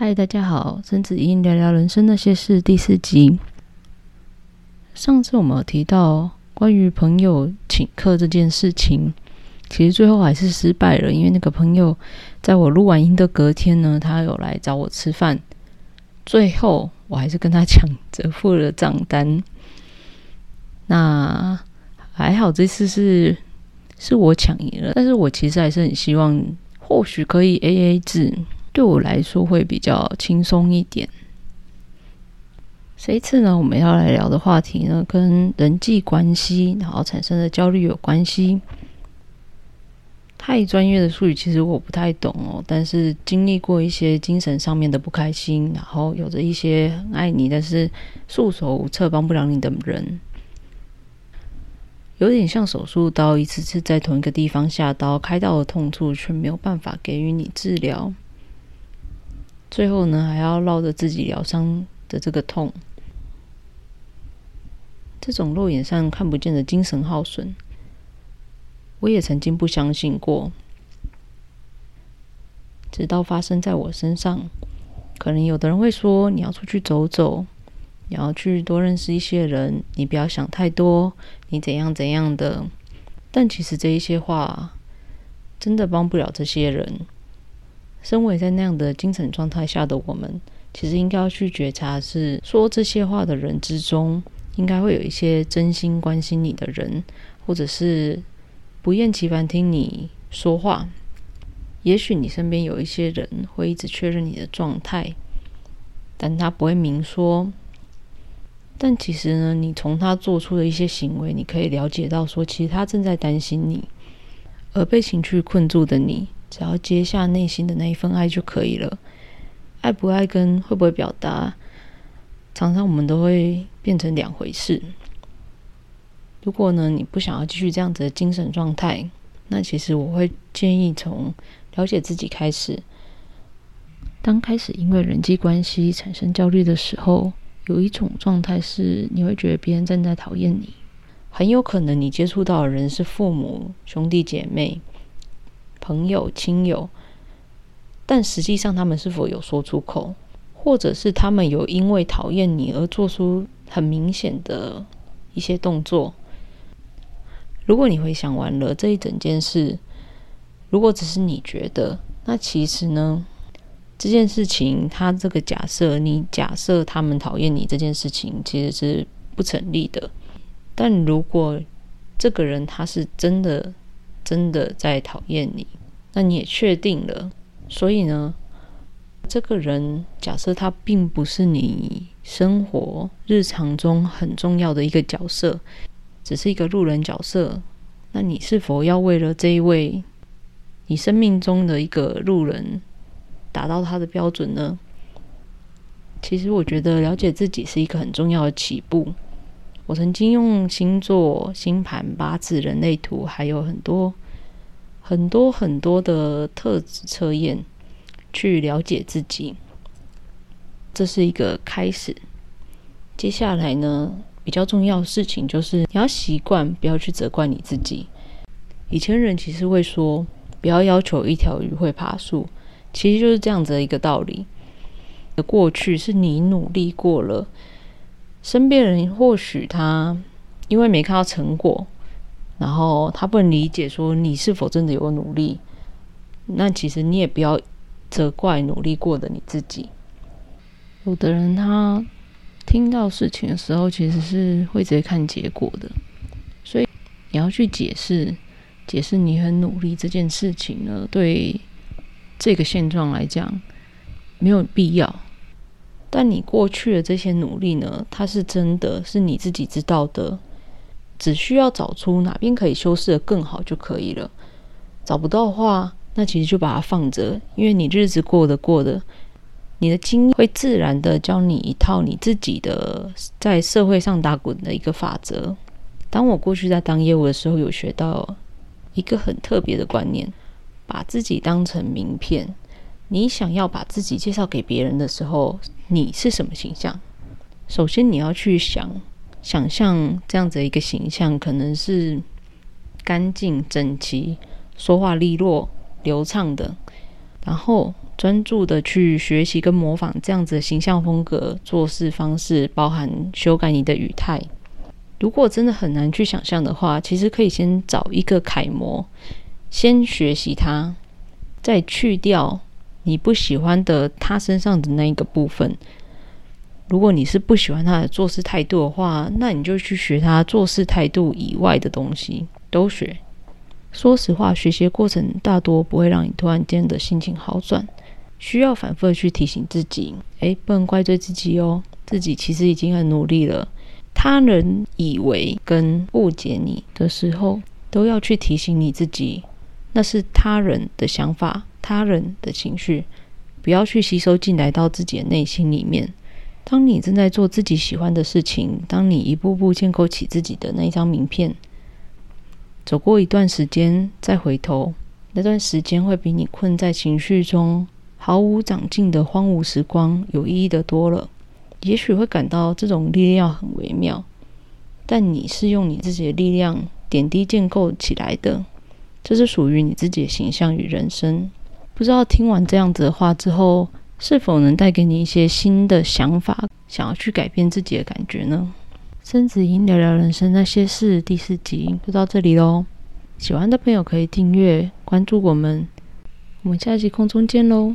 嗨，大家好，森紫殷聊聊人生那些事第四集。上次我們有提到關於朋友請客這件事情，其實最後還是失敗了，因為那個朋友在我錄完音的隔天呢，他有來找我吃飯，最後我還是跟他搶着付了賬單。那還好這次是是我搶贏了，但是我其實還是很希望，或許可以 AA 制。對我來說會比較輕鬆一點。這一次呢，我們要來聊的話題呢，跟人際關係，然後產生的焦慮有關係。太專業的術語其實我不太懂哦，但是經歷過一些精神上面的不開心，然後有着一些很愛你，但是束手無策、幫不了你的人，有點像手術刀，一次次在同一個地方下刀、開刀的痛處，卻沒有辦法給予你治療。最後呢，還要繞着自己療傷的這個痛，這種肉眼上看不見的精神耗損，我也曾經不相信過，直到發生在我身上。可能有的人會說：“你要出去走走，你要去多認識一些人，你不要想太多，你怎樣怎樣的。”但其實這一些話，真的幫不了這些人。身為在那樣的精神狀態下的我們，其實應該要去覺察是，是說這些話的人之中，應該會有一些真心關心你的人，或者是不厭其煩聽你說話。也許你身邊有一些人會一直確認你的狀態，但他不會明說。但其實呢，你從他做出的一些行為，你可以了解到說，說其實他正在擔心你，而被情緒困住的你。只要接下內心的那一份愛就可以了，愛不愛跟會不會表達，常常我們都會變成兩回事。如果呢，你不想要繼續這樣子的精神狀態，那其實我會建議從了解自己開始。當開始因為人際關係產生焦慮的時候，有一種狀態是你會覺得別人正在討厭你，很有可能你接觸到的人是父母、兄弟姐妹。朋友、親友，但實際上他們是否有說出口，或者是他們有因為討厭你而做出很明顯的一些動作？如果你回想完了這一整件事，如果只是你覺得，那其實呢，這件事情他這個假設，你假設他們討厭你這件事情其實是不成立的。但如果這個人他是真的。真的在討厭你，那你也確定了。所以呢，這個人假設他並不是你生活日常中很重要的一個角色，只是一個路人角色，那你是否要為了這一位你生命中的一個路人達到他的標準呢？其實我覺得了解自己是一個很重要的起步。我曾經用星座、星盤、八字、人類圖，還有很多、很多、很多的特質測驗去了解自己。這是一個開始。接下來呢，比較重要的事情就是你要習慣，不要去責怪你自己。以前人其實會說，不要要求一條魚會爬樹，其實就是這樣子的一個道理。的過去是你努力過了。身邊人或許他因為沒看到成果，然後他不能理解說你是否真的有努力。那其實你也不要責怪努力過的你自己。有的人他聽到事情的時候其實是會直接看結果的，所以你要去解釋，解釋你很努力這件事情呢，對這個現狀來講沒有必要。但你過去的這些努力呢？它是真的，是你自己知道的。只需要找出哪邊可以修飾的更好就可以了。找不到的話，那其實就把它放着，因為你日子過得過的，你的經驗會自然地教你一套你自己的在社會上打滾的一個法則。當我過去在當業務的時候，有學到一個很特別的觀念：把自己當成名片。你想要把自己介紹給別人的時候。你是什麼形象？首先，你要去想想象這樣子的一個形象，可能是乾淨、整齊、說話利落、流暢的，然後專注的去學習跟模仿這樣子的形象風格、做事方式，包含修改你的語態。如果真的很難去想象的話，其實可以先找一個楷模，先學習它，再去掉，你不喜歡的他身上的那一個部分，如果你是不喜歡他的做事態度的話，那你就去學他做事態度以外的東西，都學。說實話，學習過程大多不會讓你突然間的心情好轉，需要反復的去提醒自己，哎，不能怪罪自己哦，自己其實已經很努力了。他人以為跟誤解你的時候，都要去提醒你自己。那是他人的想法，他人的情緒，不要去吸收進來到自己的內心裡面。當你正在做自己喜歡的事情，當你一步步建構起自己的那一張名片，走過一段時間，再回頭，那段時間會比你困在情緒中毫無長進的荒蕪時光有意義的多了。也許會感到這種力量很微妙，但你是用你自己的力量點滴建構起來的。這是屬於你自己的形象與人生，不知道聽完這樣子的話之後，是否能帶給你一些新的想法，想要去改變自己的感覺呢？森紫殷聊聊人生那些事，第四集就到這裡嘍，喜歡的朋友可以訂閱、關注我們，我們下一集空中見嘍。